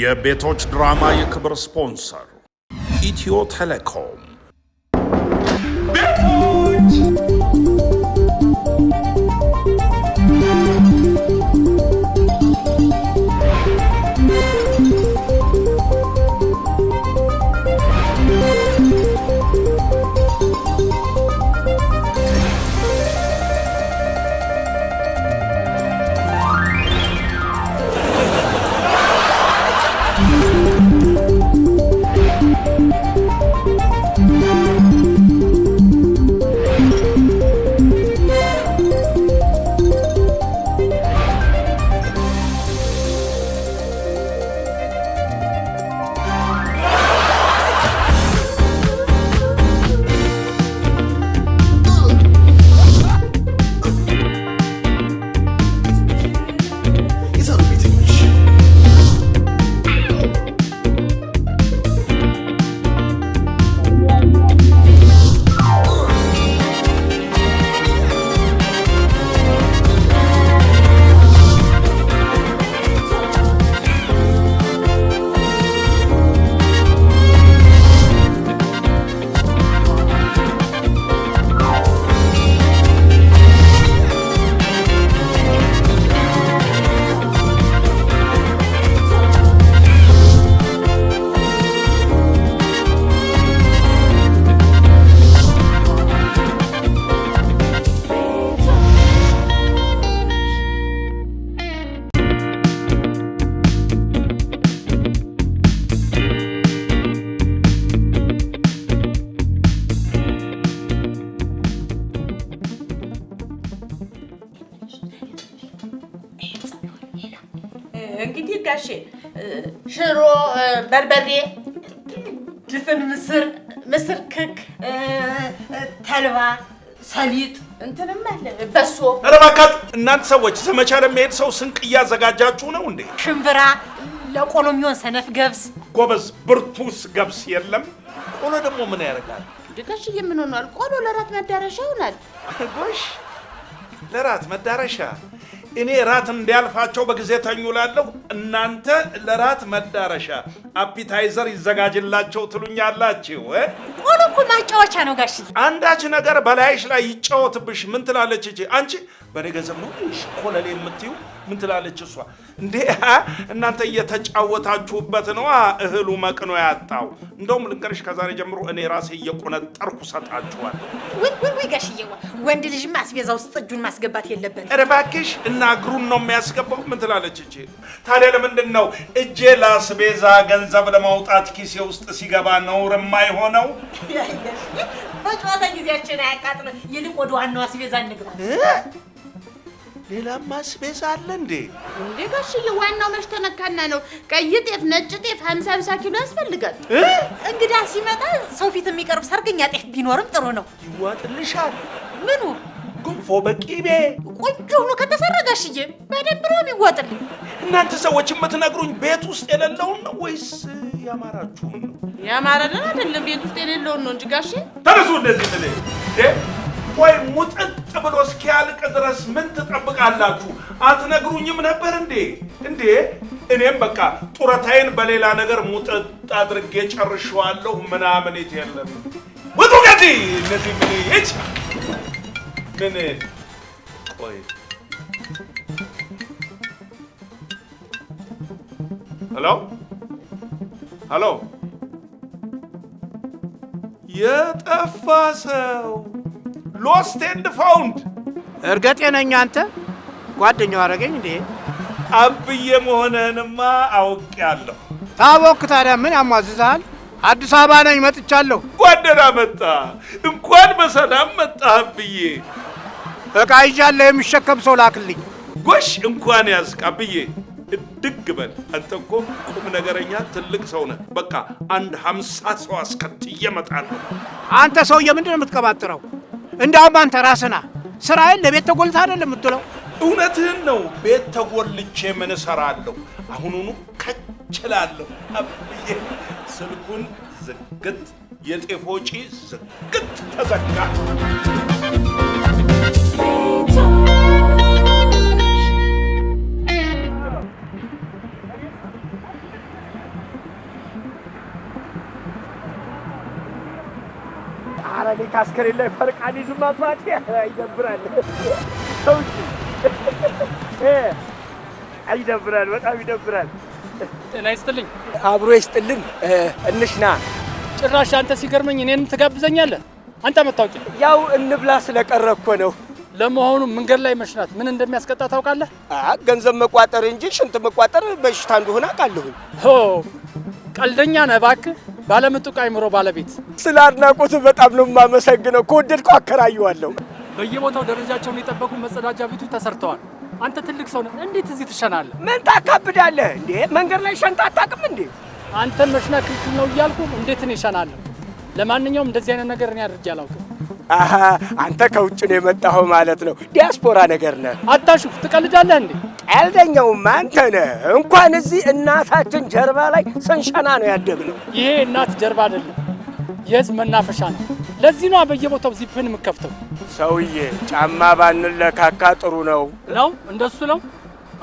የቤቶች ድራማ የክብር ስፖንሰር ኢትዮ ቴሌኮም ሰሊጥ እንትንም አለ በሶ። ኧረ እባክህ እናንተ ሰዎች ዘመቻ ለሚሄድ ሰው ስንቅ እያዘጋጃችሁ ነው እንዴ? ሽምብራ ለቆሎ የሚሆን ሰነፍ ገብስ ጎበዝ፣ ብርቱስ ገብስ የለም። ቆሎ ደግሞ ምን ያደርጋል? ድጋሽ የምን ቆሎ ለራት መዳረሻ ይሆናል። ጎሽ ለራት መዳረሻ እኔ ራት እንዲያልፋቸው በጊዜ ተኙ እላለሁ። እናንተ ለራት መዳረሻ አፒታይዘር ይዘጋጅላቸው ትሉኛላችሁ። ቆሎ እኮ ማጫወቻ ነው ጋሽ። አንዳች ነገር በላይሽ ላይ ይጫወትብሽ። ምን ትላለች? አንቺ በእኔ ገንዘብ ነው ሽኮለሌ የምትዩ ምን ትላለች እሷ? እንዴ እናንተ እየተጫወታችሁበት ነው እህሉ መቅኖ ያጣው። እንደውም ልንገርሽ፣ ከዛሬ ጀምሮ እኔ ራሴ እየቆነጠርኩ ሰጣችኋል። ውይ ጋሽዬዋ፣ ወንድ ልጅ አስቤዛ ውስጥ እጁን ማስገባት የለበት። ኧረ እባክሽ እና እግሩን ነው የሚያስገባው። ምን ትላለች እጄ? ታዲያ ለምንድን ነው እጄ ለአስቤዛ ገንዘብ ለማውጣት ኪሴ ውስጥ ሲገባ ነውር የማይሆነው? በጨዋታ ጊዜያችን አያቃጥለን። ይልቅ ወደ ዋናው አስቤዛ እንግባ። ሌላም ማስቤዛ አለ እንዴ? እንዴ ጋሽዬ፣ ዋናው መች ተነካና ነው። ቀይ ጤፍ፣ ነጭ ጤፍ ሀምሳ ሀምሳ ኪሎ ያስፈልጋል። እንግዳ ሲመጣ ሰው ፊት የሚቀርብ ሰርገኛ ጤፍ ቢኖርም ጥሩ ነው። ይዋጥልሻል። ምኑ? ጎንፎ በቂቤ ቆንጆ ሆኖ ከተሰራ ጋሽዬ፣ በደንብ ነው የሚዋጥልኝ። እናንተ ሰዎች የምትነግሩኝ ቤት ውስጥ የሌለውን ነው ወይስ ያማራችሁን ነው? ያማረን አይደለም፣ ቤት ውስጥ የሌለውን ነው እንጂ ጋሼ። ተነሱ እንደዚህ ወይ ሙጥጥ ብሎ እስኪያልቅ ድረስ ምን ትጠብቃላችሁ? አትነግሩኝም ነበር እንዴ? እንዴ እኔም በቃ ጡረታዬን በሌላ ነገር ሙጥጥ አድርጌ ጨርሸዋለሁ። ምናምን የት የለም ውጡ ገዲ እነዚህ ምን ይች ምን ቆይ ሄሎ ሄሎ የጠፋ ሰው ሎስት ኤንድ ፋውንድ። እርግጤ ነኝ አንተ ጓደኛው አደረገኝ እንዴ? አብዬ መሆንህንማ አውቄያለሁ። ታቦክ ታዲያ ምን ያሟዝዛል? አዲስ አበባ ነኝ መጥቻለሁ። እንኳን ደህና መጣ። እንኳን በሰላም መጣ አብዬ። እቃ ይዣለሁ የሚሸከም ሰው ላክልኝ። ጎሽ እንኳን ያዝቅ አብዬ። እድግ በል አንተ እኮ ቁም ነገረኛ ትልቅ ሰው ነህ። በቃ አንድ ሀምሳ ሰው አስከትዬ እመጣለሁ። አንተ ሰውዬ ምንድን ነው የምትቀባጥረው? እንዳውም አንተ ራስና ስራዬን ለቤት ተጎልታ አይደለም የምትለው? እውነትህን ነው። ቤት ተጎልቼ ምን እሰራለሁ? አሁኑኑ ከችላለሁ አብዬ ስልኩን ዝግት የጤፎጪ ዝግት ተዘጋ። ካስከሬ ላይ ፈርቃን ይዞ ማጥፋት ይደብራል። ይደብራል፣ በጣም ይደብራል። ጤና ይስጥልኝ፣ አብሮ ይስጥልን። እንሽና ጭራሽ አንተ ሲገርመኝ እኔንም ትጋብዘኛለህ። አንተ መታወቂያ ያው እንብላ ስለቀረ እኮ ነው ለመሆኑ መንገድ ላይ መሽናት ምን እንደሚያስቀጣ ታውቃለህ? ገንዘብ መቋጠር እንጂ ሽንት መቋጠር በሽታ እንደሆነ ሆ ቀልደኛ ነህ እባክህ፣ ባለምጡቅ አይምሮ ባለቤት። ስለ አድናቆቱ በጣም ነው የማመሰግነው። ከወደድኩ አከራየዋለሁ። በየቦታው ደረጃቸውን የጠበቁ መጸዳጃ ቤቶች ተሰርተዋል። አንተ ትልቅ ሰው ነህ፣ እንዴት እዚህ ትሸናለህ? ምን ታካብዳለህ እንዴ? መንገድ ላይ ሸንታ አታውቅም እንዴ? አንተ መሽና ክልክል ነው እያልኩ እንዴት እኔ እሸናለሁ? ለማንኛውም እንደዚህ አይነት ነገር እኔ አድርጌ አላውቅም። አንተ ከውጭ ነው የመጣኸው ማለት ነው። ዲያስፖራ ነገር ነህ። አታሹፍ፣ ትቀልዳለህ እንዴ? ቀልደኛውም አንተ ነህ። እንኳን እዚህ እናታችን ጀርባ ላይ ስንሸና ነው ያደግነው። ይሄ እናት ጀርባ አይደለም፣ የህዝብ መናፈሻ ነው። ለዚህ ነው በየቦታው ዚፕን የምከፍተው። ሰውዬ ጫማ ባንለካካ ጥሩ ነው ነው። እንደሱ ነው።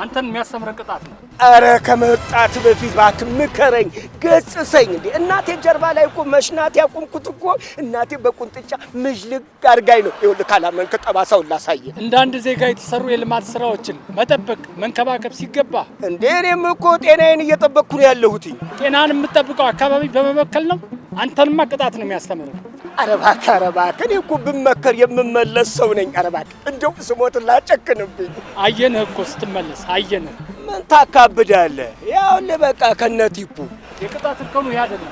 አንተን የሚያስተምረን ቅጣት ነው። አረ ከመጣት በፊት እባክህ ምከረኝ፣ ገጽሰኝ። እንዴ እናቴ ጀርባ ላይ እኮ መሽናት ያቆምኩት እኮ እናቴ በቁንጥጫ ምዥልግ አድርጋኝ ነው። ይኸውልህ ካላመንክ ጠባሳውን ላሳየ። እንደ አንድ ዜጋ የተሰሩ የልማት ስራዎችን መጠበቅ መንከባከብ ሲገባ፣ እንዴ እኔም እኮ ጤናዬን እየጠበቅኩ ነው ያለሁት። ጤናን የምጠብቀው አካባቢ በመበከል ነው። አንተንማ ቅጣት ነው የሚያስተምረው። አረ እባክህ እኔ እኮ ብመከር የምመለስ ሰው ነኝ። አረ እንደው ስሞት ላጨክንብኝ። አየንህ እኮ ስትመለስ አየንህ ምን ታካብዳለህ? ያውልህ በቃ ከነቲፑ የቅጣት እርከኑ ይሄ አይደለም።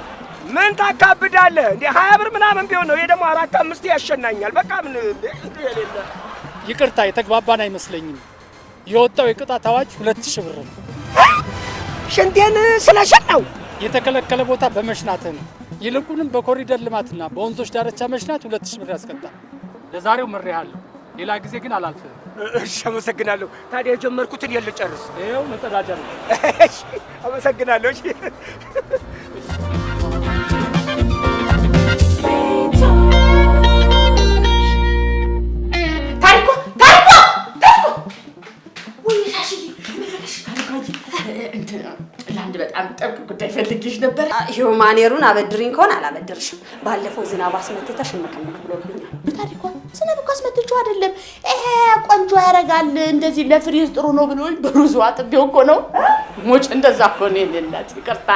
ምን ታካብዳለህ እንደ ሀያ ብር ምናምን ቢሆን ነው። ይሄ ደግሞ አራት አምስት ያሸናኛል። በቃ ምን የሌለ ይቅርታ፣ የተግባባን አይመስለኝም። የወጣው የቅጣት አዋጅ ሁለት ሺህ ብር ነው። ሽንቴን ስለሸናው የተከለከለ ቦታ በመሽናትህ ነው። ይልቁንም በኮሪደር ልማትና በወንዞች ዳርቻ መሽናት ሁለት ሺህ ብር ያስቀጣል። ለዛሬው ምሬሃለሁ። ሌላ ጊዜ ግን አላልፍህም። እሺ፣ አመሰግናለሁ። ታዲያ የጀመርኩትን የለ ጨርስ። ይኸው መጸዳጃ ነው። እሺ፣ አመሰግናለሁ። እሺ በጣም ጥብቅ ጉዳይ ፈልጌሽ ነበር። ይኸው ማኔሩን አበድሪኝ ከሆነ አላበድርሽም። ባለፈው ዝናብ አስመትተሽ እምክምክ ብሎብኛል። ታሪኳ ስነ እኮ አስመትቼው አይደለም። ይሄ ቆንጆ ያደርጋል እንደዚህ ለፍሪዝ ጥሩ ነው ብሎ በሩዝ አጥቤው እኮ ነው። ሞጭ እንደዛ እኮ ነው የሌላት። ይቅርታ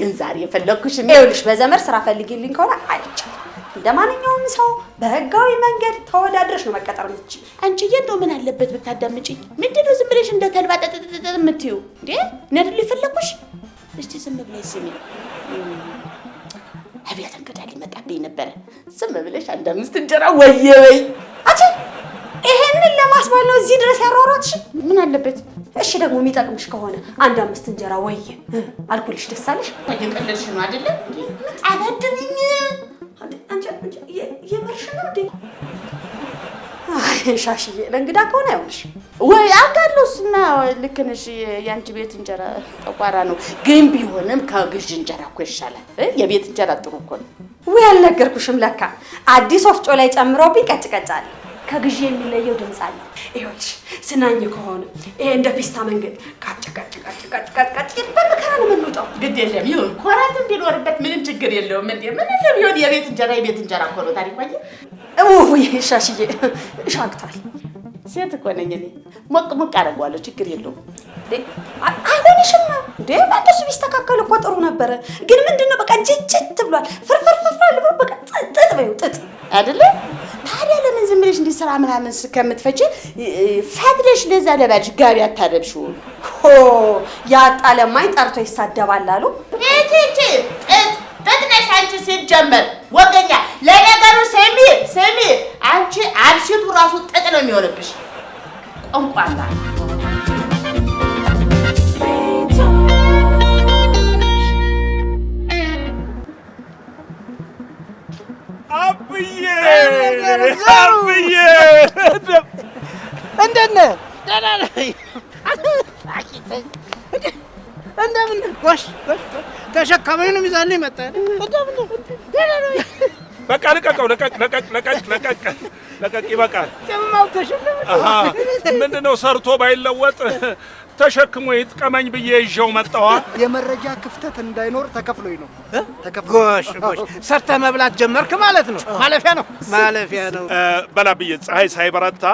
ግን ዛሬ የፈለግኩሽ ይኸውልሽ፣ በዘመድ ስራ ፈልጊልኝ ከሆነ አይቻልም። እንደ ማንኛውም ሰው በህጋዊ መንገድ ተወዳድረሽ ነው መቀጠር የምትችይ። አንቺዬ፣ እንደው ምን አለበት ብታዳምጪኝ። ምንድን ነው ዝም ብለሽ እንደ ተልባ ጠጠጠጠ የምትይው እንዴ? ነድል የፈለግኩሽ። እስቲ ዝም ብለሽ ስሚ አብያት እንግዳ ሊመጣብኝ ነበረ። ዝም ብለሽ አንድ አምስት እንጀራ ወየ ወይ አቺ ይሄንን ለማስባል ነው እዚህ ድረስ ያሯሯጥሽ። ምን አለበት? እሺ ደግሞ የሚጠቅምሽ ከሆነ አንድ አምስት እንጀራ ወየ አልኩልሽ። ደስ አለሽ? እየቀለድሽ ነው አይደለ? ጣበድብኝ የምርሽ ነው እንዴ? ሻሽዬ ለእንግዳ ከሆነ አይሆንሽ ወይ አውቃለሁ። እሱማ ልክ ነሽ። የአንቺ ቤት እንጀራ ጠቋራ ነው፣ ግን ቢሆንም ከግዥ እንጀራ እኮ ይሻላል። የቤት እንጀራ ጥሩ እኮ ነው። ወይ አልነገርኩሽም? ለካ አዲስ ወፍጮ ላይ ጨምረውብኝ ቀጭቀጭ አለ። ከግዢ የሚለየው ድምፅ አለ። ይኸውልሽ ስናኝ ከሆነ ይሄ እንደ ፒስታ መንገድ ቃጭቃጭቃጭቃጭቃጭቃጭ በመከራ ነው የምንውጠው። ግድ የለም ይሁን፣ ኮራት ቢኖርበት ምንም ችግር የለውም። እንዴ ምን ለም ይሁን፣ የቤት እንጀራ የቤት እንጀራ እኮ ነው። ታሪኳ ውይ ሻሽዬ ሻግቷል ሴት እኮ ነኝ እኔ። ሞቅ ሞቅ አደርገዋለሁ፣ ችግር የለውም። አይሆንሽማ እንዴ! እንደሱ ቢስተካከል እኮ ጥሩ ነበረ። ግን ምንድነው በቃ ጅጅት ብሏል፣ ፍርፍር ፍርፍር ብሎ በቃ ጥጥ በይው ጥጥ አይደለ ታዲያ። ለምን ዝም ብለሽ እንዲህ ስራ ምናምን ከምትፈጭ ፈድለሽ ለዛ ለባልሽ ጋቢ አታለብሽው። ሆ ያጣ ለማይ ጠርቶ ይሳደባል አሉ ጥቅነሽ አንቺ ሲጀመር ወገኛ። ለነገሩ ስሚ ስሚ፣ አንቺ አብሽቱ ራሱ ጥጥ ነው የሚሆንብሽ ቋንቋና አብዬ አብዬ ደህና ነህ? እንደምን ጎሽ ተሸካማኝ ነው የሚዛልኝ መጣ። በቃ ልቀቀው፣ ለቀቅ ለቀቅ ለቀቅ ለቀቅ ለቀቅ፣ ይበቃል። ምንድን ነው ሰርቶ ባይለወጥ ተሸክሞ ይጥቀመኝ ብዬ ይዤው መጣዋ። የመረጃ ክፍተት እንዳይኖር ተከፍሎኝ ነው። ጎሽ ጎሽ፣ ሰርተህ መብላት ጀመርክ ማለት ነው። ማለፊያ ነው ማለፊያ ነው። በላ ብዬ ፀሐይ ሳይበረታ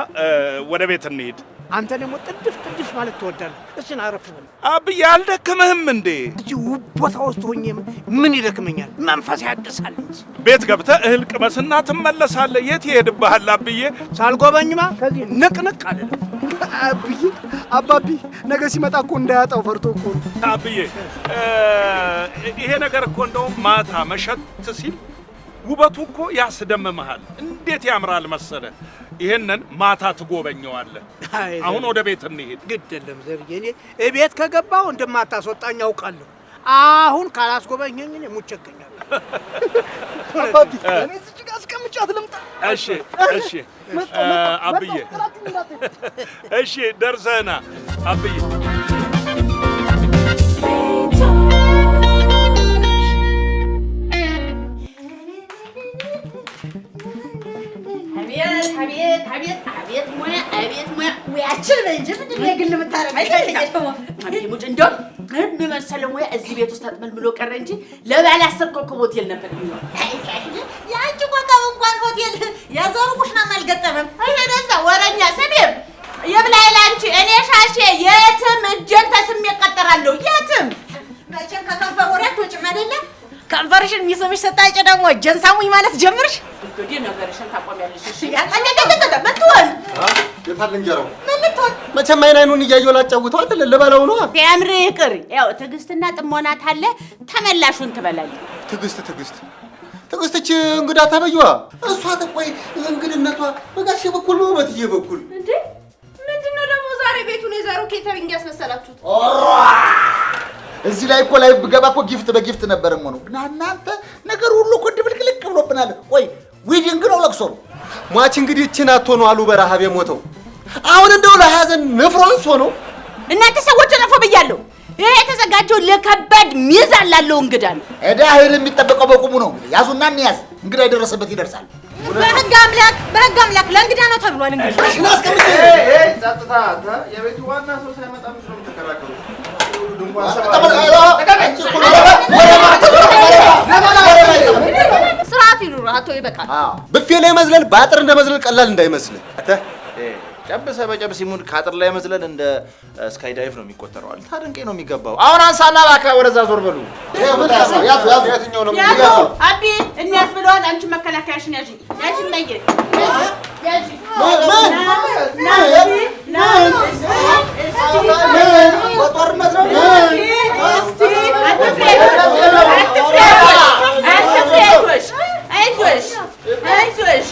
ወደ ቤት እንሂድ። አንተ ደግሞ ጥድፍ ጥድፍ ማለት ትወዳለህ። እሱን አረፍ አብዬ አልደክምህም እንዴ? እዚህ ውብ ቦታ ውስጥ ሆኜ ምን ይደክመኛል? መንፈስ ያድሳል። ቤት ገብተህ እህል ቅመስና ትመለሳለህ። የት ይሄድብሃል? አብዬ ሳልጎበኝማ ከዚህ ንቅንቅ አልልም። አብዬ አባቢ ነገ ሲመጣ እኮ እንዳያጣው ፈርቶ እኮ አብዬ፣ ይሄ ነገር እኮ እንደውም ማታ መሸት ሲል ውበቱ እኮ ያስደምመሃል። እንዴት ያምራል መሰለ። ይህንን ማታ ትጎበኘዋለህ። አሁን ወደ ቤት እንሄድ። ግድ የለም ዘርዬ፣ እኔ እቤት ከገባሁ እንደማታስወጣኝ አውቃለሁ። አሁን ካላስጎበኘኝ እኔ ሙቼ እገኛለሁ። አባቢ እኔ እዚህ ጋር አስቀምጫት ልምጣ። እሺ፣ እሺ አብዬ፣ እሺ ደርሰህና አብዬ ሙያችን እንጂ ምንድን ነው የግል የምታረገው? እንደው ምን መሰለ ሙያ እዚህ ቤት ውስጥ አጥመልምሎ ቀረ እንጂ ለባለ አስር ኮከብ ሆቴል ነበር። የአንቺ ኮከብ እንኳን ሆቴል የዘሩ ኩሽናም አልገጠመም። ሄደዛ ወረኛ ስድብ ይብላኝ ለአንቺ። እኔ ሻሼ የትም እጄን ተስሜ እቀጠራለሁ። የትም መቼም ከከንፈር ወሬ አትወጪም አይደለም ከንፈርሽን የሚስብሽ ስታጭ ደግሞ እጄን ሳሙኝ ማለት ጀምርሽ። ነገርሽን ታቆሚያለሽ። የታልንጀራው መልቷል። መቼም አይን አይኑን እያየሁ ላጫውተው አይደለ ልበለው ነው። ያምር ይቅር። ያው ትዕግስትና ጥሞና ታለ ተመላሹን ትበላለህ። ትዕግስት ትዕግስት ትዕግስት እንግዳ ተበየዋ እሷ ተቆይ እንግድነቷ በጋሽ በኩል ነው በትዬ በኩል እንዴ ቤቱን የዛሬው ኬተሪንግ ያስመሰላችሁት? እዚህ ላይ እኮ ላይ ብገባ እኮ ጊፍት በጊፍት ነበር ነው። እናንተ ነገር ሁሉ እኮ ድብልቅልቅ ብሎብናል። ቆይ ዊዲንግ ነው ለቅሶ ነው ሟች እንግዲህ እችን ነው አሉ በረሃብ የሞተው አሁን እንደው ለሀዘን ንፍሮንስ ሆኖ እናንተ ሰዎች ጠፎ ብያለሁ። ይሄ የተዘጋጀው ለከባድ ሚዛን ላለው እንግዳ ነው። እዳ ህል የሚጠበቀው በቁሙ ነው። ያዙና እንያዝ፣ እንግዳ የደረሰበት ይደርሳል። በህግ አምላክ፣ በህግ አምላክ ለእንግዳ ነው ተብሏል። እንግዲህ ጸጥታ፣ የቤቱ ዋና ሰው ሳይመጣ ተከራከሩ። ጨብሰው ይበቃል። ብፌ ላይ መዝለል በአጥር እንደ መዝለል ቀላል እንዳይመስል ጨብሰ በጨብስ ሲሙን ከአጥር ላይ መዝለል እንደ ስካይ ዳይቭ ነው የሚቆጠረው። ታድንቄ ነው የሚገባው። አሁን አንሳና እባክህ ወደዛ ዞር በሉ። አቢ እኒያስ ብለዋል። አንቺ መከላከያሽን ያዥ ያዥ ነይ ጦርነት ነው English. English.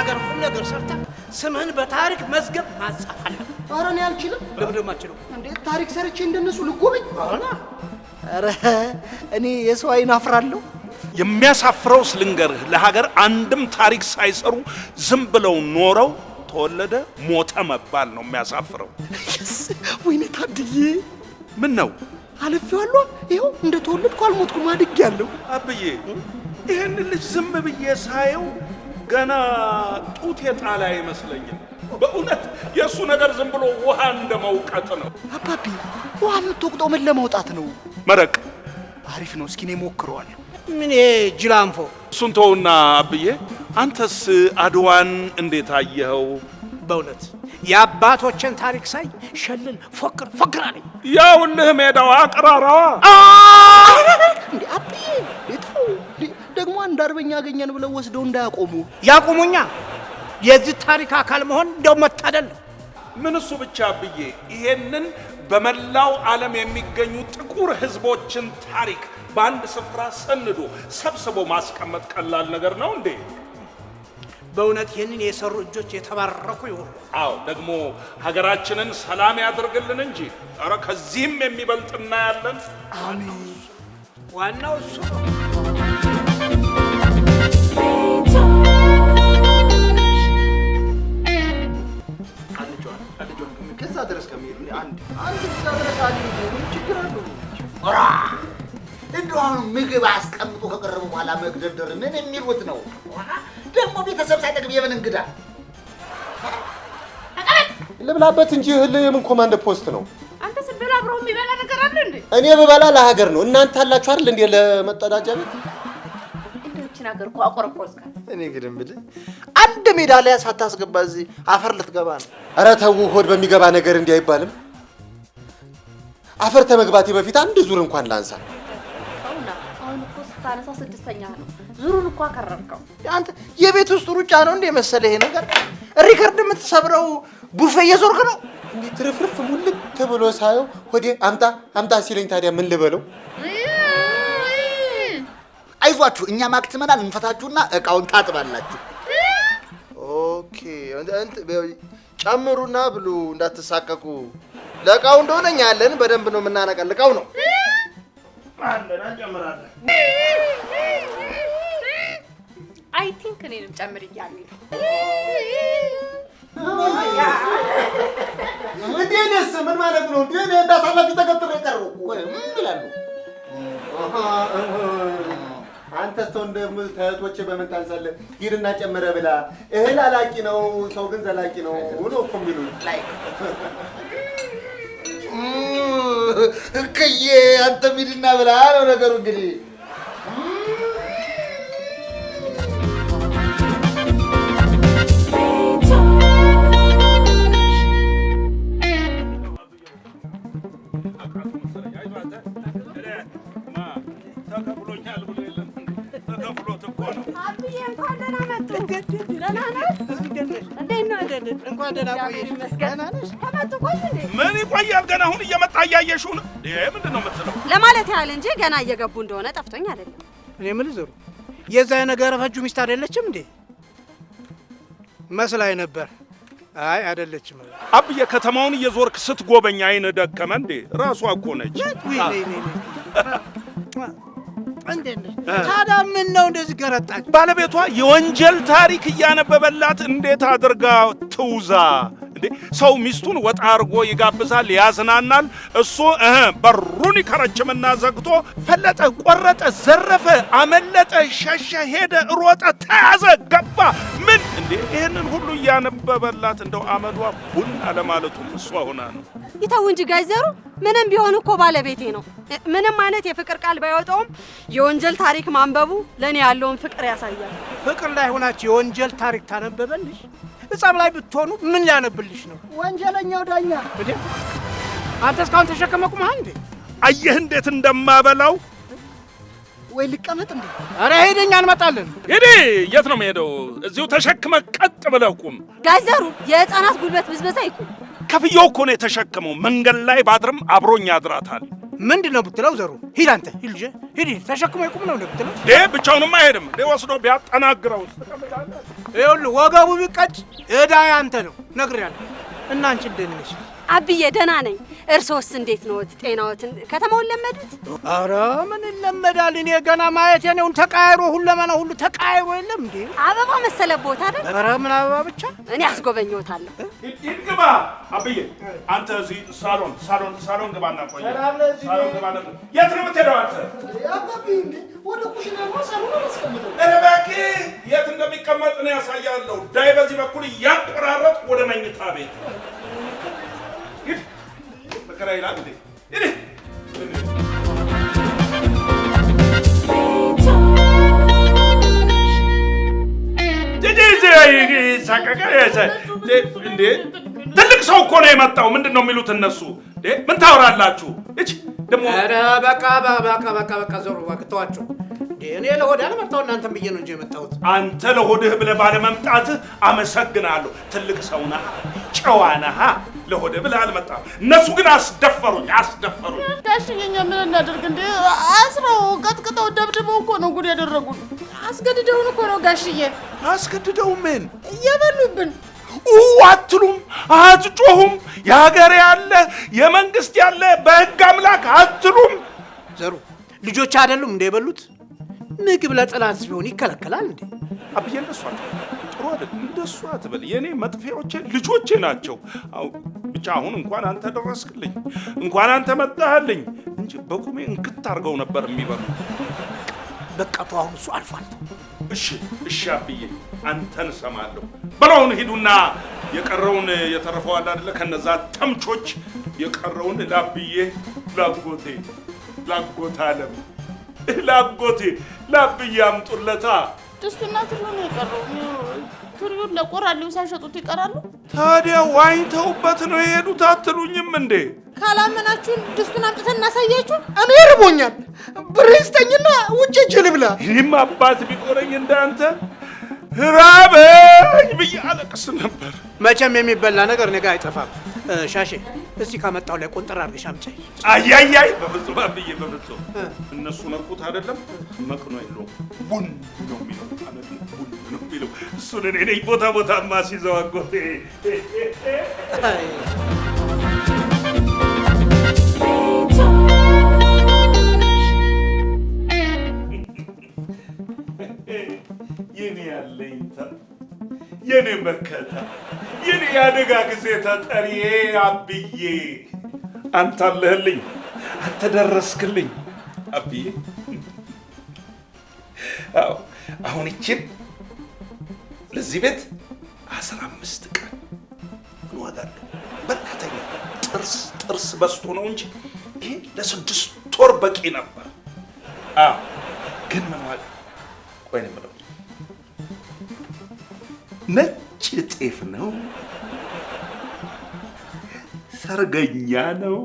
ለሀገር ሁሉ ነገር ሰርተ ስምህን በታሪክ መዝገብ ማጻፍ አለ። ኧረ እኔ አልችልም። ለምንድን የማልችለው? እንዴት ታሪክ ሰርቼ እንደነሱ ልጎበኝ? ኧረ እኔ የሰው አይን አፍራለሁ። የሚያሳፍረው ስልንገርህ ለሀገር አንድም ታሪክ ሳይሰሩ ዝም ብለው ኖረው ተወለደ ሞተ መባል ነው የሚያሳፍረው። ወይኔ ታድዬ ምን ነው አለፌዋለሁ። ይኸው እንደ ተወለድኩ አልሞትኩም አድጌያለሁ። አብዬ ይህን ልጅ ዝም ብዬ ሳየው ገና ጡት የጣለ አይመስለኝም። በእውነት የእሱ ነገር ዝም ብሎ ውሃ እንደ መውቀጥ ነው። አባቢ ውሃ የምትወቅጠው ምን ለመውጣት ነው? መረቅ አሪፍ ነው። እስኪ እኔ ሞክረዋለሁ። ምን ጅላንፎ እሱን ተውና፣ አብዬ አንተስ አድዋን እንዴት አየኸው? በእውነት የአባቶችን ታሪክ ሳይ ሸልል ፎቅር ፎቅር አለኝ። ያውልህ ሜዳዋ አቅራራዋ አንድ አርበኛ ብለው ወስደው እንዳያቆሙ ያቆሙኛ። የዚህ ታሪክ አካል መሆን እንደው መታደል ምን እሱ ብቻ ብዬ ይሄንን በመላው ዓለም የሚገኙ ጥቁር ሕዝቦችን ታሪክ በአንድ ስፍራ ሰንዶ ሰብስቦ ማስቀመጥ ቀላል ነገር ነው እንዴ? በእውነት ይህንን የሰሩ እጆች የተባረኩ ይሆኑ። አዎ ደግሞ ሀገራችንን ሰላም ያደርግልን እንጂ ኧረ ከዚህም የሚበልጥ እናያለን። አሜን። ዋናው እሱ ነው። ምግብ አስቀምጦ ከቀረበ በኋላ መግደርደር ምን የሚሉት ነው? ደግሞ ቤተሰብ ሳይጠግብ የምን እንግዳ ልብላበት እንጂ እህል የምን ኮማንድ ፖስት ነው? አንተ ስትበላ አብረው የሚበላ ነገር አለ እንዴ? እኔ በበላ ለሀገር ነው። እናንተ አላችሁ አይደል እንዴ? ለመጠዳጃ ቤት እንደችን ሀገር እኮ አቆረቆዝካ። እኔ አንድ ሜዳ ላይ ሳታስገባ እዚህ አፈር ልትገባ ነው? ኧረ ተው፣ ሆድ በሚገባ ነገር እንዲህ አይባልም። አፈር በፊት አንድ ዙር እንኳን ላንሳ። ሳነሳ ስድስተኛ ነው። ዙሩን እኮ አከረርከው። አንተ የቤት ውስጥ ሩጫ ነው እንዴ መሰለ ይሄ ነገር። ሪከርድ የምትሰብረው ቡፌ እየዞርክ ነው። እንዴ? ትርፍርፍ ሙልክ ተብሎ ሳየው ወዴ አምጣ አምጣ ሲለኝ ታዲያ ምን ልበለው? አይዟችሁ እኛ ማክትመናል እንፈታችሁና እቃውን ታጥባላችሁ። ኦኬ ጨምሩና ብሉ እንዳትሳቀቁ። ለእቃው እንደሆነ እኛ ያለን በደንብ ነው የምናነቀልቀው ነው አለን እንጨምራለን። አይ ቲንክ እኔንም ጨምር እያሉ ምን ማለት ነው? እንደ እንዳሳላፊ ተከትሎ የቀረው ይላሉ። አንተ ሰው እንደ በምን ታንሳለህ? ሂድና ጨምረ ብላ። እህል አላቂ ነው፣ ሰው ግን ዘላቂ ነው እኮ የሚሉኝ ಕೈಯೇ ಅಂತ ಮಿರಿ ನಾವೆಲ್ಲ ಆರೋಗ್ಯ እያየሽው ነው። ምንድን ነው የምትለው? ለማለት ያህል እንጂ ገና እየገቡ እንደሆነ ጠፍቶኝ አይደለም። እኔ የምልህ ዘሩ የዛ የነገረፈጁ ሚስት አይደለችም እንዴ? መስላኝ ነበር። አይ አይደለችም። አብዬ ከተማውን እየዞርክ ስትጎበኝ አይን ደከመ እንዴ? ራሷ እኮ ነች። ታዲያ ምን ነው እንደዚህ ገረጣች? ባለቤቷ የወንጀል ታሪክ እያነበበላት እንዴት አድርጋ ትውዛ እንዴ ሰው ሚስቱን ወጣ አርጎ ይጋብዛል፣ ያዝናናል። እሱ እህ በሩን ይከረችምና ዘግቶ ፈለጠ፣ ቆረጠ፣ ዘረፈ፣ አመለጠ፣ ሸሸ፣ ሄደ፣ ሮጠ፣ ተያዘ፣ ገባ። ምን እንዴ ይህንን ሁሉ እያነበበላት እንደው አመዷ ቡን አለማለቱ እሷ ሆና ነው። ይተው እንጂ ጋይዘሩ ምንም ቢሆን እኮ ባለቤቴ ነው። ምንም አይነት የፍቅር ቃል ባይወጣውም የወንጀል ታሪክ ማንበቡ ለእኔ ያለውን ፍቅር ያሳያል። ፍቅር ላይ ሆናችሁ የወንጀል ታሪክ ታነበበልሽ ህፃም ላይ ብትሆኑ ምን ሊያነብልሽ ነው? ወንጀለኛው ዳኛ እንዴ! አንተ እስካሁን ተሸከመ ቁመህ እንዴ! አየህ እንዴት እንደማበላው። ወይ ልቀመጥ እንዴ! አረ ሄደኛ እንመጣለን። ሂዲ። የት ነው የምሄደው? እዚሁ ተሸክመ ቀጥ ብለህ ቁም። ጋይዘሩ የህፃናት ጉልበት ብዝበዛ ይቁም። ከፍየው እኮ ነው የተሸከመው። መንገድ ላይ ባድርም አብሮኝ ያድራታል። ምንድን ነው ብትለው፣ ዘሩ ሂድ፣ አንተ ሂድ፣ ልጄ ሂድ፣ ተሸክሞ ይቁም ነው ብትለው፣ ዴ ብቻውንም አይሄድም ዴ ወስዶ ቢያጠናግረው ይኸውልህ፣ ወገቡ ቢቀጭ እዳ ያንተ ነው ነግሬያለሁ። እና አንቺ እንደንሽ አብዬ ደህና ነኝ። እርሶስ እንዴት ነዎት? ጤናዎትን ከተማውን ለመዱት? አረ ምን ይለመዳል? እኔ ገና ማየት የኔውን ተቃይሮ ሁለመና ሁሉ ተቃይሮ የለም እንዴ አበባ መሰለ ቦታ አይደል? አረ ምን አበባ ብቻ እኔ አስጎበኘዎታለሁ። ግባ አብዬ፣ አንተ እዚህ ሳሎን ሳሎን ሳሎን ግባና ቆይ። ሳሎን ግባ ነው። የት ነው የምትሄደው አንተ? አባቢ እንዴ ወደ ኩሽና ነው ሳሎን አስቀምጠው። እባክ የት እንደሚቀመጥ ነው ያሳያለሁ። ዳይ በዚህ በኩል እያቆራረጥ ወደ መኝታ ቤት በከራ ይላል እንዴ? ትልቅ ሰው እኮ ነው የመጣው። ምንድን ነው የሚሉት እነሱ? ምን ታወራላችሁ? በቃ በቃ በቃ በቃ ዞሩ ተዋቸው። እኔ ለሆድህ አለመጣው እናንተም ብዬ ነው እንጂ የመጣሁት። አንተ ለሆድህ ብለህ ባለመምጣትህ አመሰግናለሁ። ትልቅ ሰው ነህ፣ ጨዋ ነህ። ለሆደ ብለህ አልመጣም። እነሱ ግን አስደፈሩኝ አስደፈሩኝ። ጋሽዬ ምን እናደርግ እንዴ? አስረው ቀጥቅጠው ደብድበው እኮ ነው ጉድ ያደረጉት አስገድደውን እኮ ነው ጋሽዬ። አስገድደው ምን እየበሉብን አትሉም አትጮሁም። የሀገር ያለ የመንግስት ያለ በህግ አምላክ አትሉም። ዘሩ ልጆች አይደሉም እንደ የበሉት ምግብ ለጠላት ቢሆን ይከለከላል እንዴ? አብዬ እንደሷ ጥሩ አይደለም። እንደሱ አትበል። የእኔ መጥፊያዎቼ ልጆቼ ናቸው። ብቻ አሁን እንኳን አንተ ደረስክልኝ፣ እንኳን አንተ መጣህልኝ እንጂ በቁሜ እንክት አድርገው ነበር የሚበሩ። በቃ ተው አሁን እሱ አልፏል። እሺ እሺ፣ አብዬ አንተን እሰማለሁ። በለውን ሂዱና የቀረውን የተረፈዋል አይደለ? ከነዛ ተምቾች የቀረውን ላብዬ ላጎቴ ላጎት አለም ላጎቴ ላብዬ አምጡለታ። ጥስቱና ትሉ ነው የቀረው። ቱሪውን ለቆራሌው ሳይሸጡት ይቀራሉ። ታዲያ ዋኝተውበት ነው የሄዱት አትሉኝም እንዴ? ካላመናችሁን ድስቱን አምጥተን እናሳያችሁ። እኔ ርቦኛል፣ ብር ስጠኝና ውጭ እጅ ልብላ። ይህም አባት ቢቆረኝ እንዳንተ ራበኝ ብዬ አለቅስ ነበር። መቼም የሚበላ ነገር እኔ ጋ አይጠፋም። ሻሼ እስቲ ካመጣው ላይ ቁንጥር አድርገሽ አምጪ። አያያይ በፍጹም አብዬ፣ በፍጹም እነሱ ነቁት አይደለም መቅኖ የለውም ቡን ነው የሚለው ሱንኔ ነኝ ቦታ ቦታ ማስይዘው አጎቴ። የኔ ያለኝታ፣ የኔ መከታ፣ የኔ የአደጋ ጊዜ ተጠሪዬ አብዬ፣ አንተ አለህልኝ፣ አንተ ደረስክልኝ አብዬ። አሁን ይችን ለዚህ ቤት አስራ አምስት ቀን እንዋጋለሁ። በላተኛ ጥርስ ጥርስ በስቶ ነው እንጂ ይሄ ለስድስት ወር በቂ ነበር። ግን ምን ዋጋ ቆይ ነው የምለው ነጭ ጤፍ ነው፣ ሰርገኛ ነው፣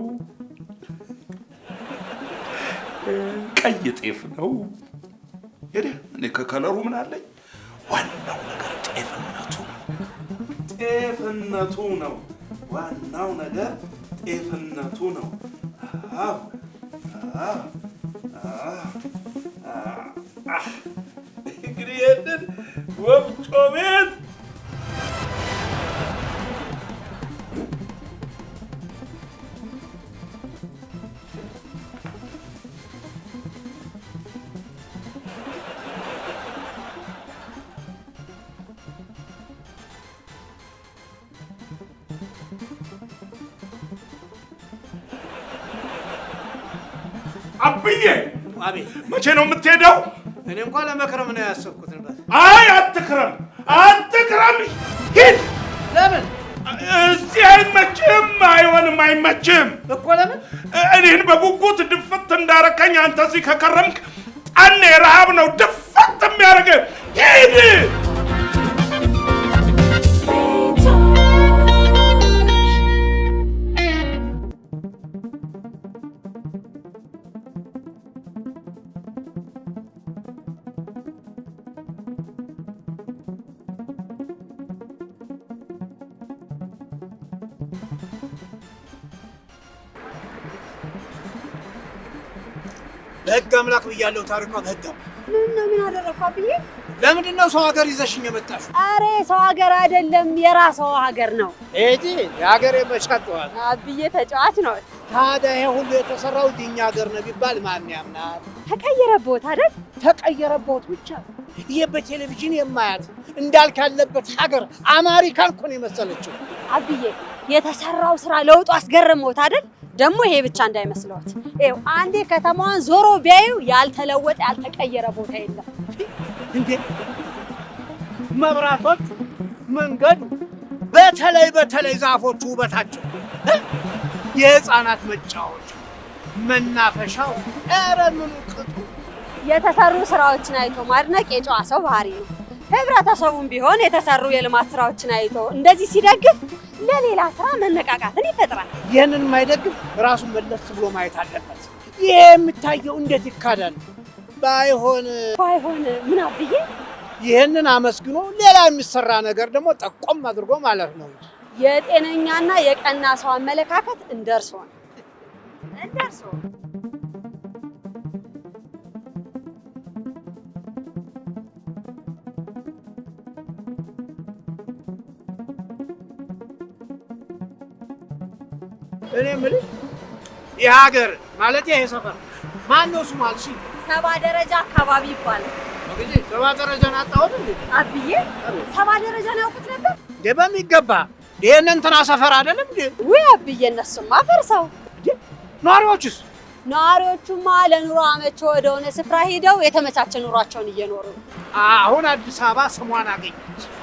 ቀይ ጤፍ ነው። እኔ ከከለሩ ምን አለኝ ጤፍነቱ ጤፍነቱ ነው። ዋናው ነገር ጤፍነቱ ነው። እንግዲህ ይህንን ወፍጮ ቤት አቤት፣ መቼ ነው የምትሄደው? እኔ እንኳን ለመክረም ነው ያሰብኩት አይ አትክረም፣ አትክረም፣ ሂድ። ለምን? እዚህ አይመችም፣ አይሆንም፣ አይመችም እኮ። ለምን? እኔን በጉጉት ድፍት እንዳረከኝ አንተ እዚህ ከከረምክ ጣኔ ረሃብ ነው ድፍት የሚያደርገ ሂድ አምላክ ብያለሁ። ታሪኳ በህግ ምን ነው ምን አደረኳ ብዬ ለምንድን ነው ሰው ሀገር ይዘሽኝ የመጣሽው? አሬ ሰው ሀገር አይደለም የራስዎ ሀገር ነው እንጂ የሀገሬ መሻጠዋል አብዬ ተጫዋች ነው። ታዲያ ይሄ ሁሉ የተሰራው እኛ ሀገር ነው ቢባል ማን ያምናል? ተቀየረቦት አይደል? ተቀየረቦት ብቻ ይሄ በቴሌቪዥን የማያት እንዳልክ ያለበት ሀገር አሜሪካን እኮ ነው የመሰለችው አብዬ የተሰራው ስራ ለውጡ አስገርሞት አይደል? ደግሞ ይሄ ብቻ እንዳይመስለዎት። ይኸው አንዴ ከተማዋን ዞሮ ቢያዩ ያልተለወጠ ያልተቀየረ ቦታ የለም። እንዴ መብራቶች፣ መንገድ፣ በተለይ በተለይ ዛፎቹ ውበታቸው፣ የህፃናት መጫወቻ፣ መናፈሻው፣ ኧረ ምኑ ቅጡ የተሰሩ ስራዎችን አይቶ ማድነቅ የጨዋ ሰው ባህሪ ነው። ህብረተሰቡም ቢሆን የተሰሩ የልማት ስራዎችን አይቶ እንደዚህ ሲደግፍ ለሌላ ስራ መነቃቃትን ይፈጥራል። ይህንን የማይደግፍ ራሱን መለስ ብሎ ማየት አለበት። ይህ የሚታየው እንዴት ይካዳል? ባይሆን ባይሆን ምን አብዬ ይህንን አመስግኖ ሌላ የሚሰራ ነገር ደግሞ ጠቆም አድርጎ ማለት ነው። የጤነኛና የቀና ሰው አመለካከት እንደርሶ ነው እንደርሶ እኔ ይህ ሀገር ማለት ይሄ ሰፈር ማን ነው ስሙ አልሽ? ሰባ ደረጃ አካባቢ ይባላል። ሰባ ደረጃን አጣሁት አብዬ ሰባ ያውቁት ነበር በሚገባ እንትና ሰፈር አይደለም ውይ አብዬ፣ እነሱማ ፈርሰው። ነዋሪዎቹስ? ነዋሪዎቹማ ለኑሮ ወደሆነ ስፍራ ሄደው የተመቻቸ ኑሯቸውን እየኖሩ አሁን አዲስ አበባ ስሟን አገኘች።